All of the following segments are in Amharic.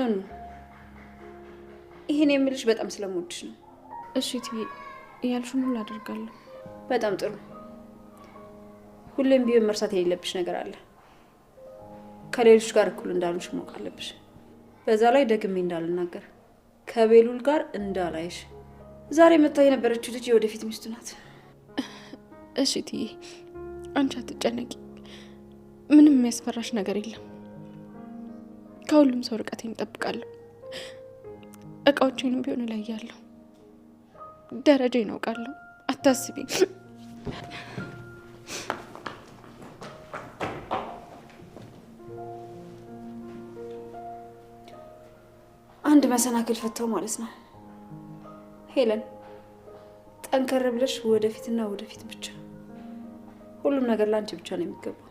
ኑኑ፣ ኖ፣ ይሄን የምልሽ በጣም ስለምወድሽ ነው። እሺ እትዬ፣ ያልሽውን ሁሉ አደርጋለሁ። በጣም ጥሩ። ሁሌም ቢሆን መርሳት የሌለብሽ ነገር አለ። ከሌሎች ጋር እኩል እንዳሉሽ ማወቅ አለብሽ። በዛ ላይ ደግሜ እንዳልናገር ከቤሉል ጋር እንዳላይሽ። ዛሬ መታ የነበረችው ልጅ የወደፊት ሚስቱ ናት። እሺ እትዬ፣ አንቺ አትጨነቂ። ምንም የሚያስፈራሽ ነገር የለም። ከሁሉም ሰው ርቀቴን እጠብቃለሁ። እቃዎቼንም ቢሆን እለያለሁ። ደረጃ አውቃለሁ። አታስቢ። አንድ መሰናክል ፈተው ማለት ነው። ሄለን ጠንከር ብለሽ ወደፊትና ወደፊት ብቻ። ሁሉም ነገር ለአንቺ ብቻ ነው የሚገባው።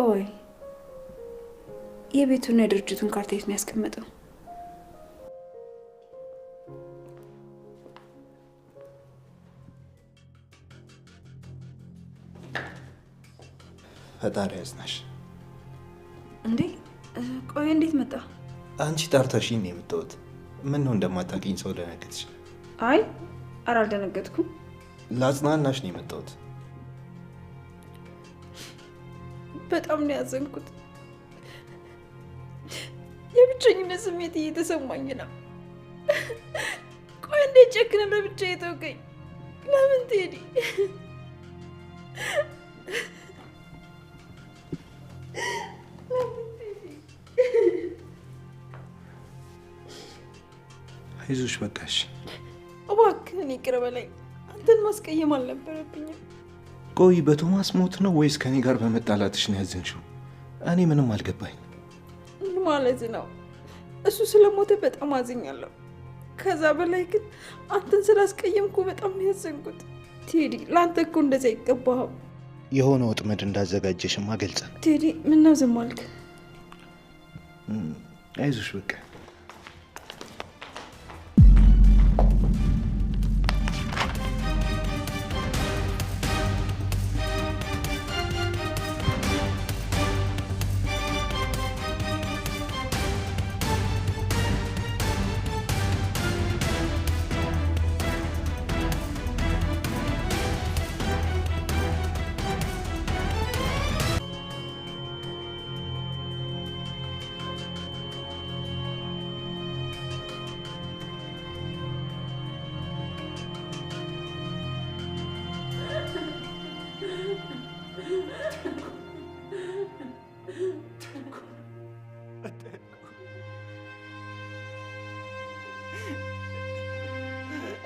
ቆይ የቤቱና የድርጅቱን ካርታ የት ነው ያስቀመጠው? ፈጣሪ ያዝናሽ። እንዴ ቆይ እንዴት መጣ? አንቺ ጣርታሽኝ ነው የምትወት? ምን ነው እንደማታውቂኝ ሰው ደነገጥሽ? አይ አራ አልደነገጥኩም። ላጽናናሽ ነው የመጣሁት። በጣም ነው ያዘንኩት። የብቸኝነት ስሜት እየተሰማኝ ነው። ቆይ እንዴት ጨክነ ለብቻ የተውከኝ ለምን ትሄዲ? አይዞሽ በቃሽ። እባክህን ይቅር በለኝ። አንተን ማስቀየም አልነበረብኝም። ቆይ በቶማስ ሞት ነው ወይስ ከኔ ጋር በመጣላትሽ ነው ያዘንሽው? እኔ ምንም አልገባኝ። ምን ማለት ነው? እሱ ስለሞተ በጣም አዝኛለሁ። ከዛ በላይ ግን አንተን ስላስቀየምኩ በጣም ያዘንኩት። ቴዲ፣ ለአንተ እኮ እንደዚ አይገባህም። የሆነ ወጥመድ እንዳዘጋጀሽማ ገልጸን። ቴዲ፣ ምነው ዝም አልክ? አይዞሽ በቃ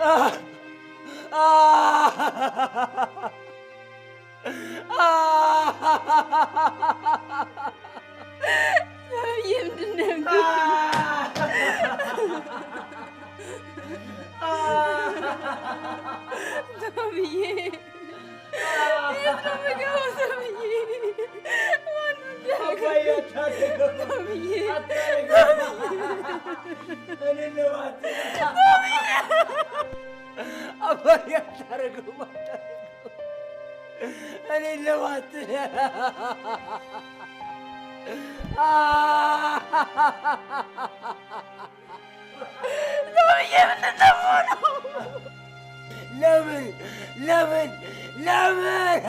아. مالي لوقت لمن لمن لمن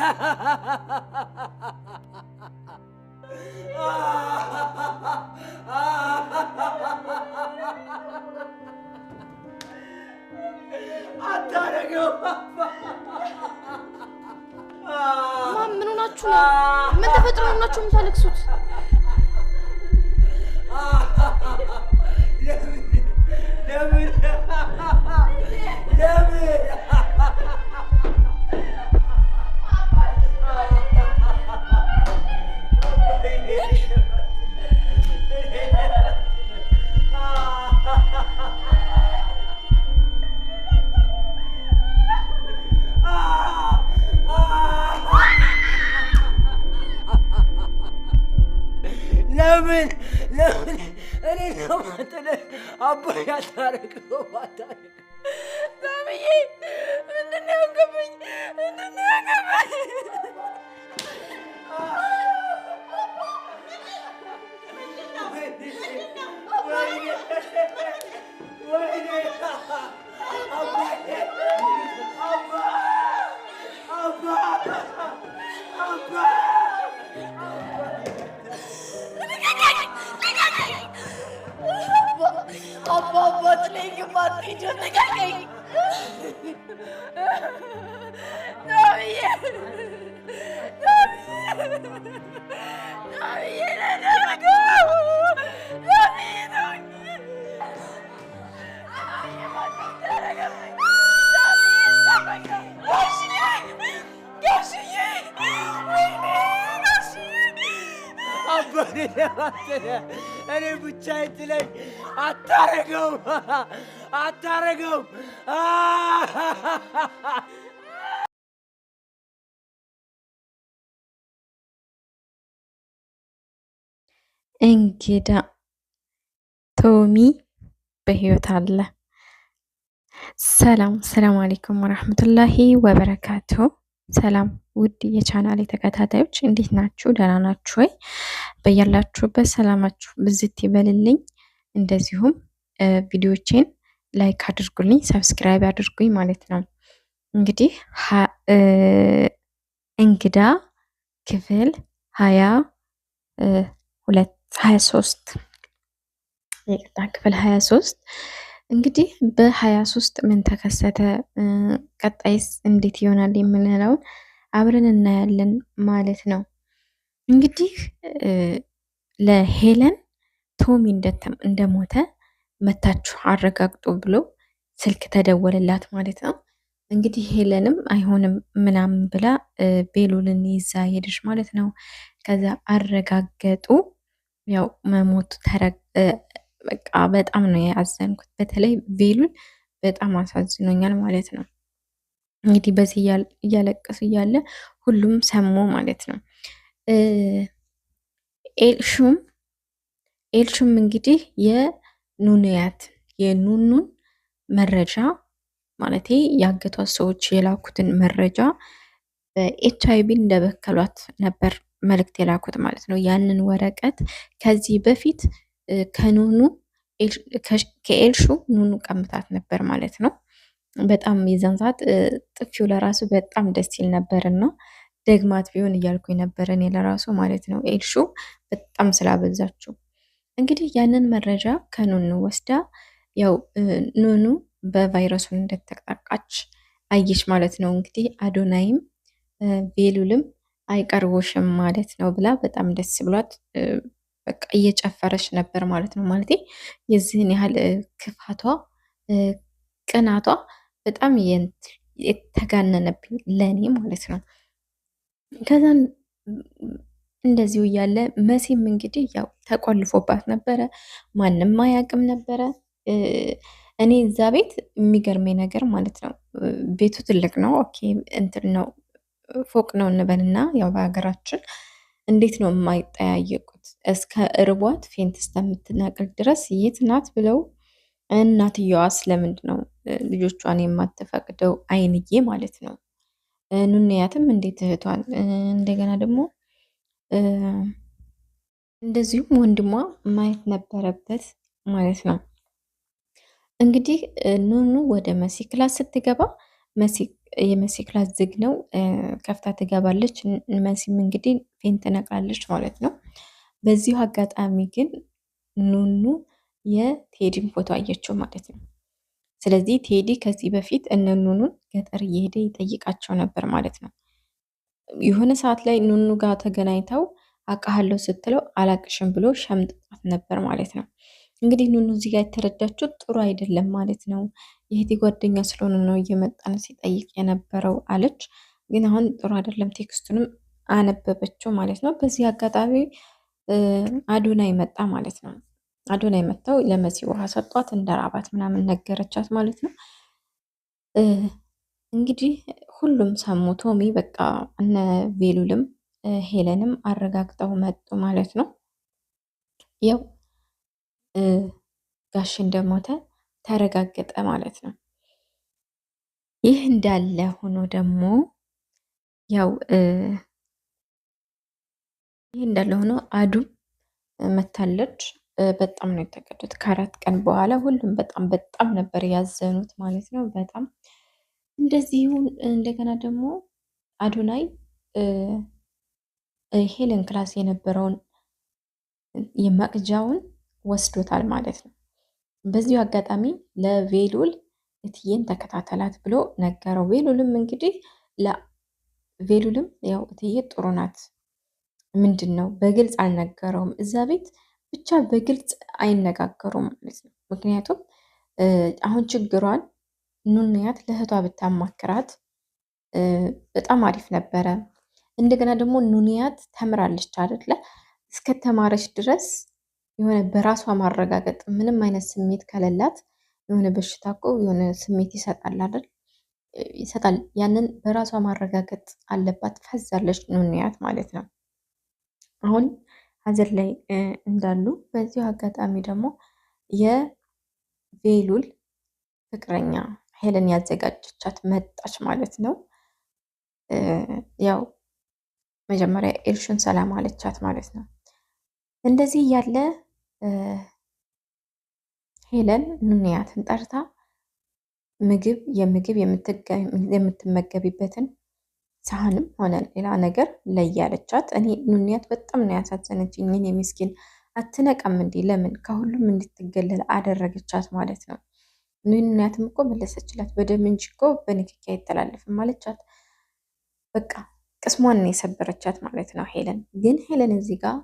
I thought I go. ማም ምን ሆናችሁ ነው? ምን ተፈጥሮ ሆናችሁ የምታለቅሱት? ለምን ለምን እኔ ለማጥለ አባይ አታረቀው አታረቀው ዛምዬ ምንድን ያገባኝ ምንድን ያገባኝ ወይኔ ወይኔ አባዬ అబ్బా వదిలేకి పంపించింది కానీ Abone ol. እኔ ብቻዬን ትለኝ አታረገው አታረገው እንግዳ ቶሚ በህይወት አለ። ሰላም ሰላም አለይኩም ወራህመቱላሂ ወበረካቱ። ሰላም ውድ የቻናል ተከታታዮች እንዴት ናችሁ? ደህና ናችሁ ወይ? በያላችሁበት ሰላማችሁ ብዝት ይበልልኝ። እንደዚሁም ቪዲዮቼን ላይክ አድርጉልኝ፣ ሰብስክራይብ አድርጉኝ ማለት ነው። እንግዲህ እንግዳ ክፍል ሀያ ሁለት ሀያ ሶስት የቅጣ ክፍል ሀያ ሶስት እንግዲህ በሀያ ሶስት ምን ተከሰተ፣ ቀጣይስ እንዴት ይሆናል የምንለውን አብረን እናያለን ማለት ነው። እንግዲህ ለሄለን ቶሚ እንደሞተ መታችሁ አረጋግጦ ብሎ ስልክ ተደወለላት ማለት ነው። እንግዲህ ሄለንም አይሆንም ምናምን ብላ ቤሉልን ይዛ ሄደች ማለት ነው። ከዛ አረጋገጡ። ያው መሞቱ በቃ በጣም ነው ያዘንኩት። በተለይ ቤሉል በጣም አሳዝኖኛል ማለት ነው። እንግዲህ በዚህ እያለቀሱ እያለ ሁሉም ሰሙ ማለት ነው። ኤልሹም ኤልሹም እንግዲህ የኑንያት የኑኑን መረጃ ማለት ያገቷት ሰዎች የላኩትን መረጃ በኤች እንደበከሏት ነበር መልእክት የላኩት ማለት ነው። ያንን ወረቀት ከዚህ በፊት ከኑኑ ከኤልሹ ኑኑ ቀምታት ነበር ማለት ነው። በጣም የዛን ሰዓት ጥፊው ለራሱ በጣም ደስ ይል ነበርና ደግማት ቢሆን እያልኩኝ ነበር እኔ ለራሱ ማለት ነው። ኤልሹ በጣም ስላበዛችው እንግዲህ ያንን መረጃ ከኑኑ ወስዳ ያው ኑኑ በቫይረሱን እንደተጠቃች አየች ማለት ነው። እንግዲህ አዶናይም ቤሉልም አይቀርቦሽም ማለት ነው ብላ በጣም ደስ ብሏት በቃ እየጨፈረች ነበር ማለት ነው። ማለት የዚህን ያህል ክፋቷ ቅናቷ በጣም የተጋነነብኝ ለእኔ ማለት ነው። ከዛን እንደዚሁ እያለ መሲም እንግዲህ ያው ተቆልፎባት ነበረ። ማንም አያውቅም ነበረ። እኔ እዛ ቤት የሚገርመኝ ነገር ማለት ነው ቤቱ ትልቅ ነው። ኦኬ እንትን ነው ፎቅ ነው እንበልና ያው በሀገራችን እንዴት ነው የማይጠያየቁት? እስከ እርቧት ፌንት እስከምትናቅል ድረስ የት ናት ብለው እናትየዋ ስለምንድ ነው ልጆቿን የማትፈቅደው አይንዬ ማለት ነው። ኑንያትም እንዴት እህቷን እንደገና ደግሞ እንደዚሁም ወንድሟ ማየት ነበረበት ማለት ነው። እንግዲህ ኑኑ ወደ መሲ ክላስ ስትገባ የመሲ ክላስ ዝግ ነው፣ ከፍታ ትገባለች። መሲም እንግዲህ ፌን ትነቅላለች ማለት ነው። በዚሁ አጋጣሚ ግን ኑኑ የቴዲን ፎቶ አየችው ማለት ነው። ስለዚህ ቴዲ ከዚህ በፊት እነኑኑን ገጠር እየሄደ ይጠይቃቸው ነበር ማለት ነው። የሆነ ሰዓት ላይ ኑኑ ጋር ተገናኝተው አውቃሃለሁ ስትለው አላቅሽም ብሎ ሸምጥጣት ነበር ማለት ነው። እንግዲህ ኑኑ እዚህ ጋር የተረዳችው ጥሩ አይደለም ማለት ነው። የእህቴ ጓደኛ ስለሆነ ነው እየመጣን ሲጠይቅ የነበረው አለች። ግን አሁን ጥሩ አይደለም፣ ቴክስቱንም አነበበችው ማለት ነው። በዚህ አጋጣሚ አዶናይ መጣ ማለት ነው። አዶናይ መጥተው ለመሲ ውሃ ሰጧት፣ እንደራባት ምናምን ነገረቻት ማለት ነው። እንግዲህ ሁሉም ሰሙ። ቶሚ በቃ እነ ቬሉልም ሄለንም አረጋግጠው መጡ ማለት ነው። ያው ጋሽ እንደሞተ ተረጋገጠ ማለት ነው። ይህ እንዳለ ሆኖ ደግሞ ያው ይህ እንዳለ ሆኖ አዱም መታለች። በጣም ነው የተቀዱት። ከአራት ቀን በኋላ ሁሉም በጣም በጣም ነበር ያዘኑት ማለት ነው። በጣም እንደዚሁ እንደገና ደግሞ አዶናይ ሄለን ክላስ የነበረውን የመቅጃውን ወስዶታል ማለት ነው። በዚሁ አጋጣሚ ለቬሉል እትዬን ተከታተላት ብሎ ነገረው። ቬሉልም እንግዲህ ቬሉልም ያው እትዬ ጥሩ ናት ምንድን ነው በግልጽ አልነገረውም እዛ ቤት ብቻ በግልጽ አይነጋገሩም ማለት ነው። ምክንያቱም አሁን ችግሯን ኑንያት ለእህቷ ብታማክራት በጣም አሪፍ ነበረ። እንደገና ደግሞ ኑንያት ተምራለች አይደለ? እስከተማረች ድረስ የሆነ በራሷ ማረጋገጥ ምንም አይነት ስሜት ከሌላት የሆነ በሽታ እኮ የሆነ ስሜት ይሰጣል አይደል? ይሰጣል። ያንን በራሷ ማረጋገጥ አለባት። ፈዛለች ኑንያት ማለት ነው አሁን ሀዘን ላይ እንዳሉ በዚሁ አጋጣሚ ደግሞ የቬሉል ፍቅረኛ ሄለን ያዘጋጀቻት መጣች ማለት ነው። ያው መጀመሪያ ኤልሹን ሰላም አለቻት ማለት ነው። እንደዚህ እያለ ሄለን ኑንያትን ጠርታ ምግብ የምግብ የምትመገቢበትን ሳህንም ሆነ ሌላ ነገር ለይ ያለቻት። እኔ ኑንያት በጣም ነው ያሳዘነችኝ። እኔ ምስኪን አትነቀም እንዴ? ለምን ከሁሉም እንድትገለል አደረገቻት ማለት ነው። ኑንያትም እኮ መለሰችላት፣ በደም እንጂ እኮ በንክኪ አይተላለፍም አለቻት። በቃ ቅስሟን ነው የሰበረቻት ማለት ነው ሄለን። ግን ሄለን እዚህ ጋር